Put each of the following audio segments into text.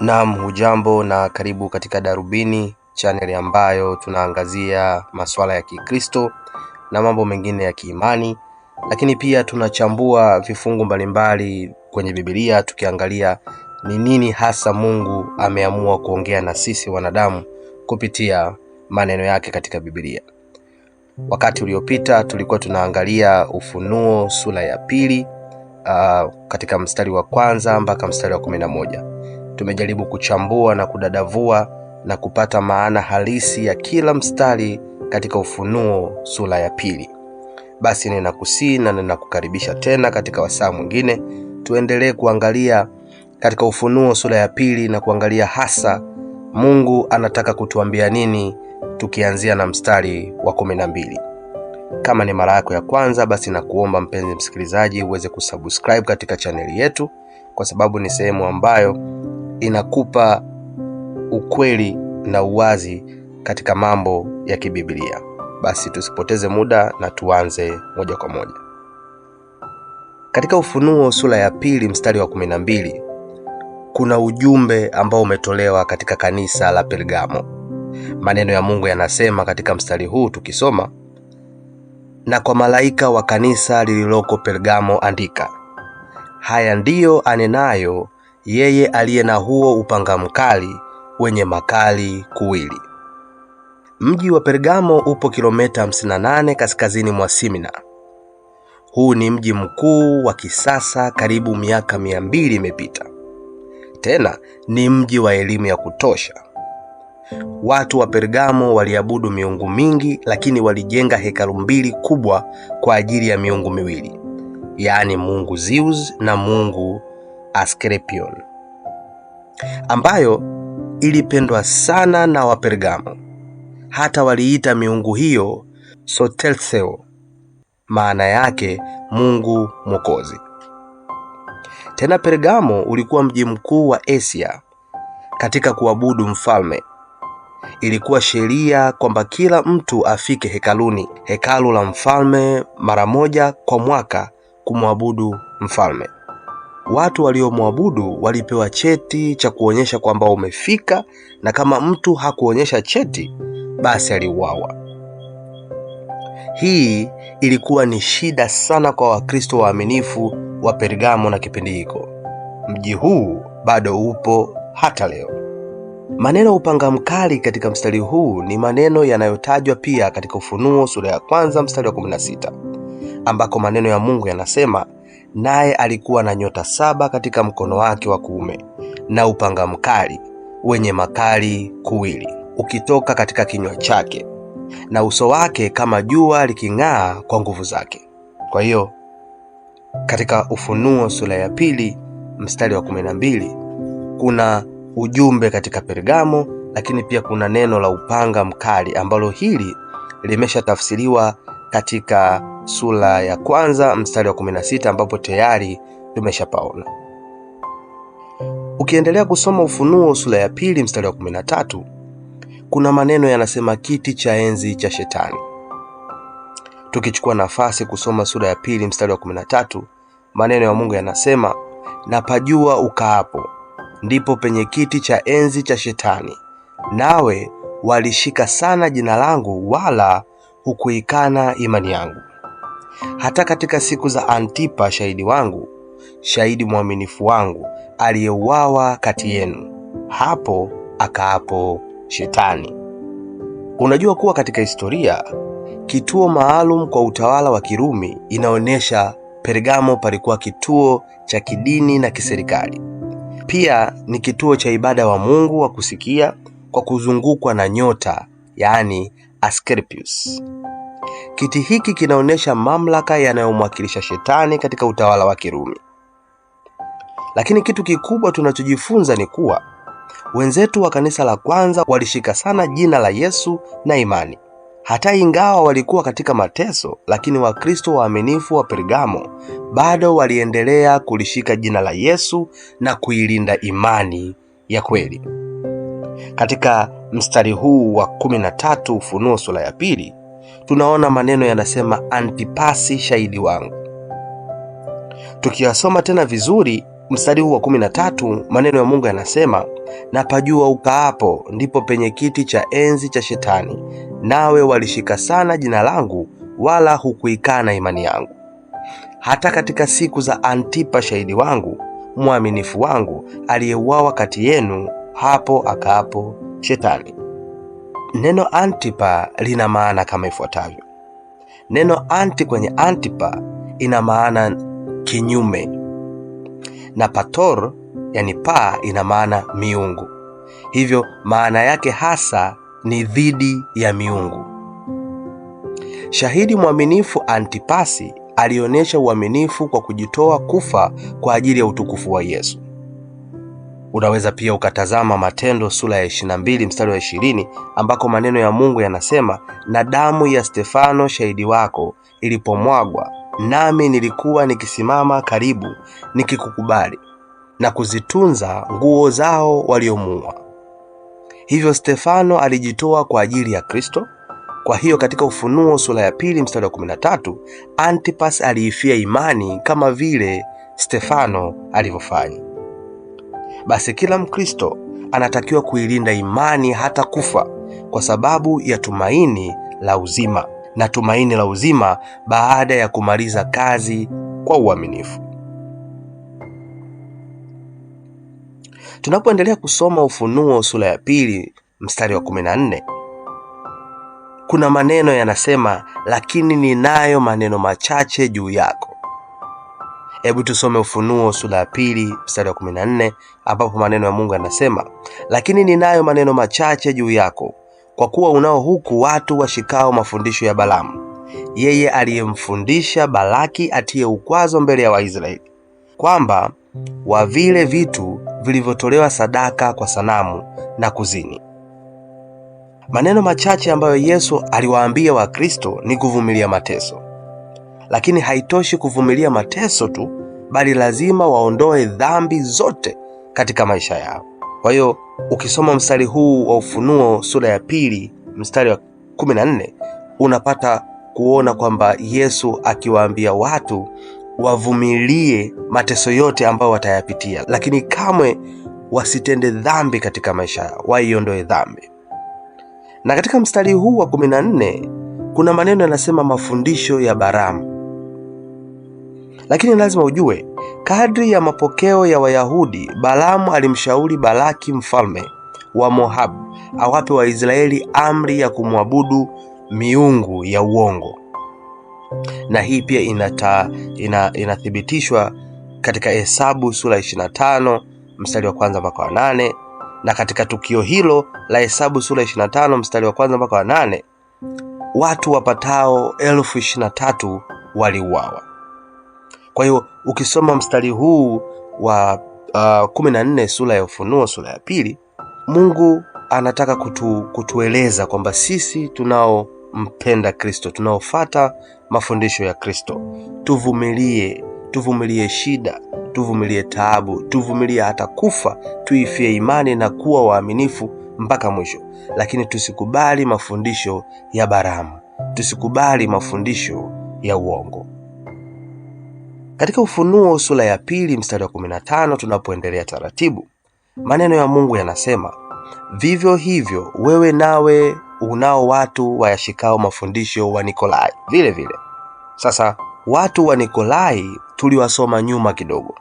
Naam, hujambo na karibu katika Darubini chaneli ambayo tunaangazia masuala ya Kikristo na mambo mengine ya kiimani, lakini pia tunachambua vifungu mbalimbali kwenye Biblia tukiangalia ni nini hasa Mungu ameamua kuongea na sisi wanadamu kupitia maneno yake katika Biblia. Wakati uliopita tulikuwa tunaangalia Ufunuo sura ya pili, uh, katika mstari wa kwanza mpaka mstari wa kumi na moja tumejaribu kuchambua na kudadavua na kupata maana halisi ya kila mstari katika Ufunuo sura ya pili. Basi ninakusii na ninakukaribisha tena katika wasaa mwingine, tuendelee kuangalia katika Ufunuo sura ya pili na kuangalia hasa Mungu anataka kutuambia nini, tukianzia na mstari wa kumi na mbili. Kama ni mara yako ya kwanza, basi nakuomba mpenzi msikilizaji uweze kusubscribe katika chaneli yetu, kwa sababu ni sehemu ambayo inakupa ukweli na uwazi katika mambo ya kibibilia basi tusipoteze muda na tuanze moja kwa moja katika ufunuo sura ya pili mstari wa kumi na mbili kuna ujumbe ambao umetolewa katika kanisa la pergamo maneno ya mungu yanasema katika mstari huu tukisoma na kwa malaika wa kanisa lililoko pergamo andika haya ndiyo anenayo yeye aliye na huo upanga mkali wenye makali kuwili. Mji wa Pergamo upo kilomita 58 kaskazini mwa Simina. Huu ni mji mkuu wa kisasa, karibu miaka mia imepita. Tena ni mji wa elimu ya kutosha. Watu wa Pergamo waliabudu miungu mingi, lakini walijenga hekalu mbili kubwa kwa ajili ya miungu miwili, yaani Mungu Zeus na Mungu Asclepion ambayo ilipendwa sana na Wapergamo. Hata waliita miungu hiyo sotelseo maana yake Mungu Mwokozi. Tena Pergamo ulikuwa mji mkuu wa Asia katika kuabudu mfalme. Ilikuwa sheria kwamba kila mtu afike hekaluni, hekalu la mfalme, mara moja kwa mwaka kumwabudu mfalme watu waliomwabudu walipewa cheti cha kuonyesha kwamba umefika, na kama mtu hakuonyesha cheti, basi aliuawa. Hii ilikuwa ni shida sana kwa Wakristo waaminifu wa Pergamo na kipindi hiko. Mji huu bado upo hata leo. Maneno upanga mkali katika mstari huu ni maneno yanayotajwa pia katika Ufunuo sura ya kwanza mstari wa 16 ambako maneno ya Mungu yanasema naye alikuwa na nyota saba katika mkono wake wa kuume na upanga mkali wenye makali kuwili ukitoka katika kinywa chake, na uso wake kama jua liking'aa kwa nguvu zake. Kwa hiyo katika Ufunuo sura ya pili mstari wa mbili kuna ujumbe katika Pergamo, lakini pia kuna neno la upanga mkali ambalo hili limeshatafsiriwa katika sura ya kwanza mstari wa 16 ambapo tayari tumeshapaona. Ukiendelea kusoma Ufunuo sura ya pili mstari wa 13 kuna maneno yanasema kiti cha enzi cha Shetani. Tukichukua nafasi kusoma sura ya pili mstari wa 13, maneno ya Mungu yanasema na pajua ukaapo ndipo penye kiti cha enzi cha Shetani, nawe walishika sana jina langu, wala hukuikana imani yangu hata katika siku za Antipa shahidi wangu, shahidi mwaminifu wangu, aliyeuawa kati yenu, hapo akaapo Shetani. Unajua kuwa katika historia kituo maalum kwa utawala wa Kirumi inaonyesha Pergamo palikuwa kituo cha kidini na kiserikali. Pia ni kituo cha ibada wa Mungu wa kusikia kwa kuzungukwa na nyota, yaani Asclepius. Kiti hiki kinaonyesha mamlaka yanayomwakilisha shetani katika utawala wa Kirumi. Lakini kitu kikubwa tunachojifunza ni kuwa wenzetu wa kanisa la kwanza walishika sana jina la Yesu na imani. Hata ingawa walikuwa katika mateso, lakini Wakristo waaminifu wa Pergamo bado waliendelea kulishika jina la Yesu na kuilinda imani ya kweli. Katika mstari huu wa 13 Ufunuo sura ya pili tunaona maneno yanasema Antipasi shahidi wangu. Tukiyasoma tena vizuri mstari huu wa kumi na tatu, maneno ya Mungu yanasema na pajua ukaapo ndipo penye kiti cha enzi cha Shetani, nawe walishika sana jina langu, wala hukuikana imani yangu. Hata katika siku za Antipa shahidi wangu mwaminifu wangu, aliyeuawa kati yenu, hapo akaapo Shetani neno Antipa lina maana kama ifuatavyo. Neno anti kwenye Antipa ina maana kinyume, na pator, yani paa, ina maana miungu. Hivyo maana yake hasa ni dhidi ya miungu. Shahidi mwaminifu Antipasi alionyesha uaminifu kwa kujitoa kufa kwa ajili ya utukufu wa Yesu. Unaweza pia ukatazama Matendo sura ya 22 mstari wa 20 ambako maneno ya Mungu yanasema, na damu ya Stefano shahidi wako ilipomwagwa, nami nilikuwa nikisimama karibu nikikukubali na kuzitunza nguo zao waliomuua. Hivyo Stefano alijitoa kwa ajili ya Kristo. Kwa hiyo katika Ufunuo sura ya pili mstari wa 13, Antipas aliifia imani kama vile Stefano alivyofanya. Basi kila Mkristo anatakiwa kuilinda imani hata kufa kwa sababu ya tumaini la uzima na tumaini la uzima baada ya kumaliza kazi kwa uaminifu. Tunapoendelea kusoma Ufunuo sura ya pili mstari wa 14 kuna maneno yanasema, lakini ninayo maneno machache juu yako Hebu tusome Ufunuo sura ya pili mstari wa 14 ambapo maneno ya Mungu yanasema, lakini ninayo maneno machache juu yako, kwa kuwa unao huku watu washikao mafundisho ya Balaamu, yeye aliyemfundisha Balaki atiye ukwazo mbele ya Waisraeli, kwamba wa vile vitu vilivyotolewa sadaka kwa sanamu na kuzini. Maneno machache ambayo Yesu aliwaambia Wakristo ni kuvumilia mateso lakini haitoshi kuvumilia mateso tu, bali lazima waondoe dhambi zote katika maisha yao. Kwa hiyo ukisoma mstari huu wa Ufunuo sura ya pili mstari wa 14 unapata kuona kwamba Yesu akiwaambia watu wavumilie mateso yote ambayo watayapitia, lakini kamwe wasitende dhambi katika maisha yao, waiondoe dhambi. Na katika mstari huu wa 14 kuna maneno yanasema mafundisho ya Baramu. Lakini lazima ujue, kadri ya mapokeo ya Wayahudi, Balaamu alimshauri Balaki mfalme wa Moab awape Waisraeli amri ya kumwabudu miungu ya uongo, na hii pia inata, ina, inathibitishwa katika Hesabu sura 25 mstari wa kwanza mpaka wa nane na katika tukio hilo la Hesabu sura 25 mstari wa kwanza mpaka wa nane watu wapatao elfu ishirini na tatu waliuawa. Kwa hiyo ukisoma mstari huu wa uh, kumi na nne sura ya Ufunuo sura ya pili, Mungu anataka kutu, kutueleza kwamba sisi tunaompenda Kristo, tunaofata mafundisho ya Kristo, tuvumilie, tuvumilie shida, tuvumilie taabu, tuvumilie hata kufa, tuifie imani na kuwa waaminifu mpaka mwisho, lakini tusikubali mafundisho ya baramu, tusikubali mafundisho ya uongo. Katika Ufunuo sura ya pili mstari wa 15 tunapoendelea taratibu, maneno ya Mungu yanasema, vivyo hivyo wewe nawe unao watu wayashikao mafundisho wa Nikolai vile vile. Sasa watu wa Nikolai tuliwasoma nyuma kidogo.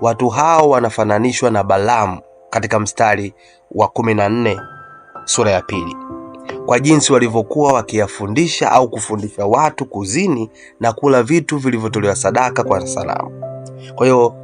Watu hao wanafananishwa na Balaamu katika mstari wa 14 sura ya pili kwa jinsi walivyokuwa wakiyafundisha au kufundisha watu kuzini na kula vitu vilivyotolewa sadaka kwa sanamu. Kwa hiyo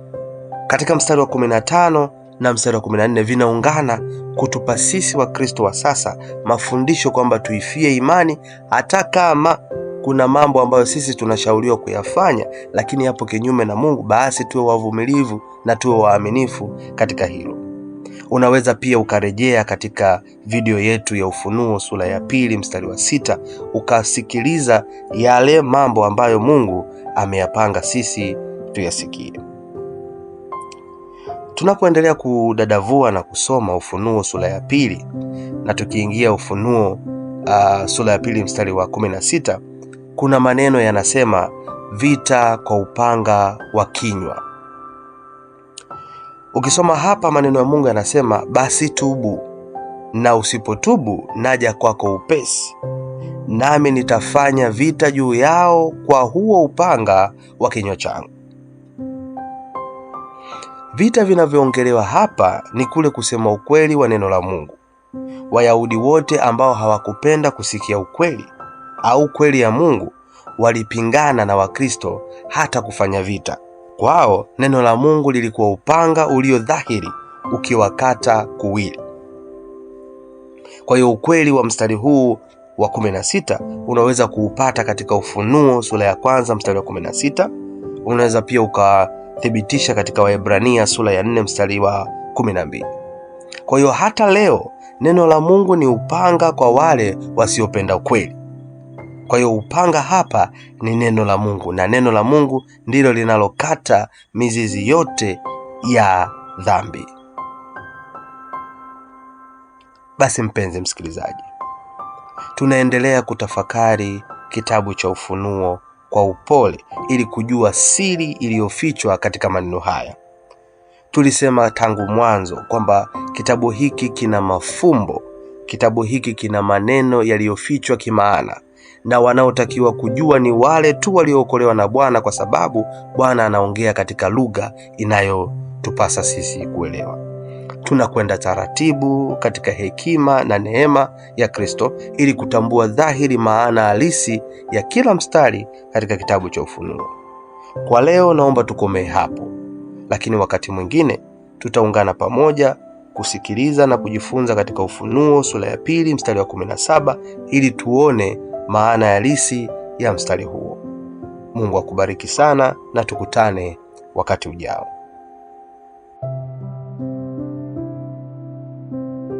katika mstari wa 15 na mstari wa 14 vinaungana kutupa sisi Wakristo wa sasa mafundisho kwamba tuifie imani, hata kama kuna mambo ambayo sisi tunashauriwa kuyafanya, lakini hapo kinyume na Mungu, basi tuwe wavumilivu na tuwe waaminifu katika hilo. Unaweza pia ukarejea katika video yetu ya Ufunuo sura ya pili mstari wa sita ukasikiliza yale mambo ambayo Mungu ameyapanga sisi tuyasikie. Tunapoendelea kudadavua na kusoma Ufunuo sura ya pili na tukiingia Ufunuo uh, sura ya pili mstari wa kumi na sita kuna maneno yanasema vita kwa upanga wa kinywa. Ukisoma hapa maneno ya Mungu yanasema, basi tubu, na usipotubu naja kwako upesi, nami nitafanya vita juu yao kwa huo upanga wa kinywa changu. Vita vinavyoongelewa hapa ni kule kusema ukweli wa neno la Mungu. Wayahudi wote ambao hawakupenda kusikia ukweli au kweli ya Mungu walipingana na Wakristo hata kufanya vita. Kwao neno la Mungu lilikuwa upanga ulio dhahiri ukiwakata kuwili. Kwa hiyo ukweli wa mstari huu wa 16 unaweza kuupata katika Ufunuo sura ya kwanza mstari wa 16. Unaweza pia ukathibitisha katika Waebrania sura ya 4 mstari wa 12. Kwa hiyo hata leo neno la Mungu ni upanga kwa wale wasiopenda ukweli. Kwa hiyo upanga hapa ni neno la Mungu, na neno la Mungu ndilo linalokata mizizi yote ya dhambi. Basi mpenzi msikilizaji, tunaendelea kutafakari kitabu cha Ufunuo kwa upole ili kujua siri iliyofichwa katika maneno haya. Tulisema tangu mwanzo kwamba kitabu hiki kina mafumbo, kitabu hiki kina maneno yaliyofichwa kimaana, na wanaotakiwa kujua ni wale tu waliookolewa na Bwana, kwa sababu Bwana anaongea katika lugha inayotupasa sisi kuelewa. Tunakwenda taratibu katika hekima na neema ya Kristo ili kutambua dhahiri maana halisi ya kila mstari katika kitabu cha Ufunuo. Kwa leo naomba tukomee hapo, lakini wakati mwingine tutaungana pamoja kusikiliza na kujifunza katika Ufunuo sura ya pili mstari wa 17 ili tuone maana halisi ya mstari huo. Mungu akubariki sana na tukutane wakati ujao.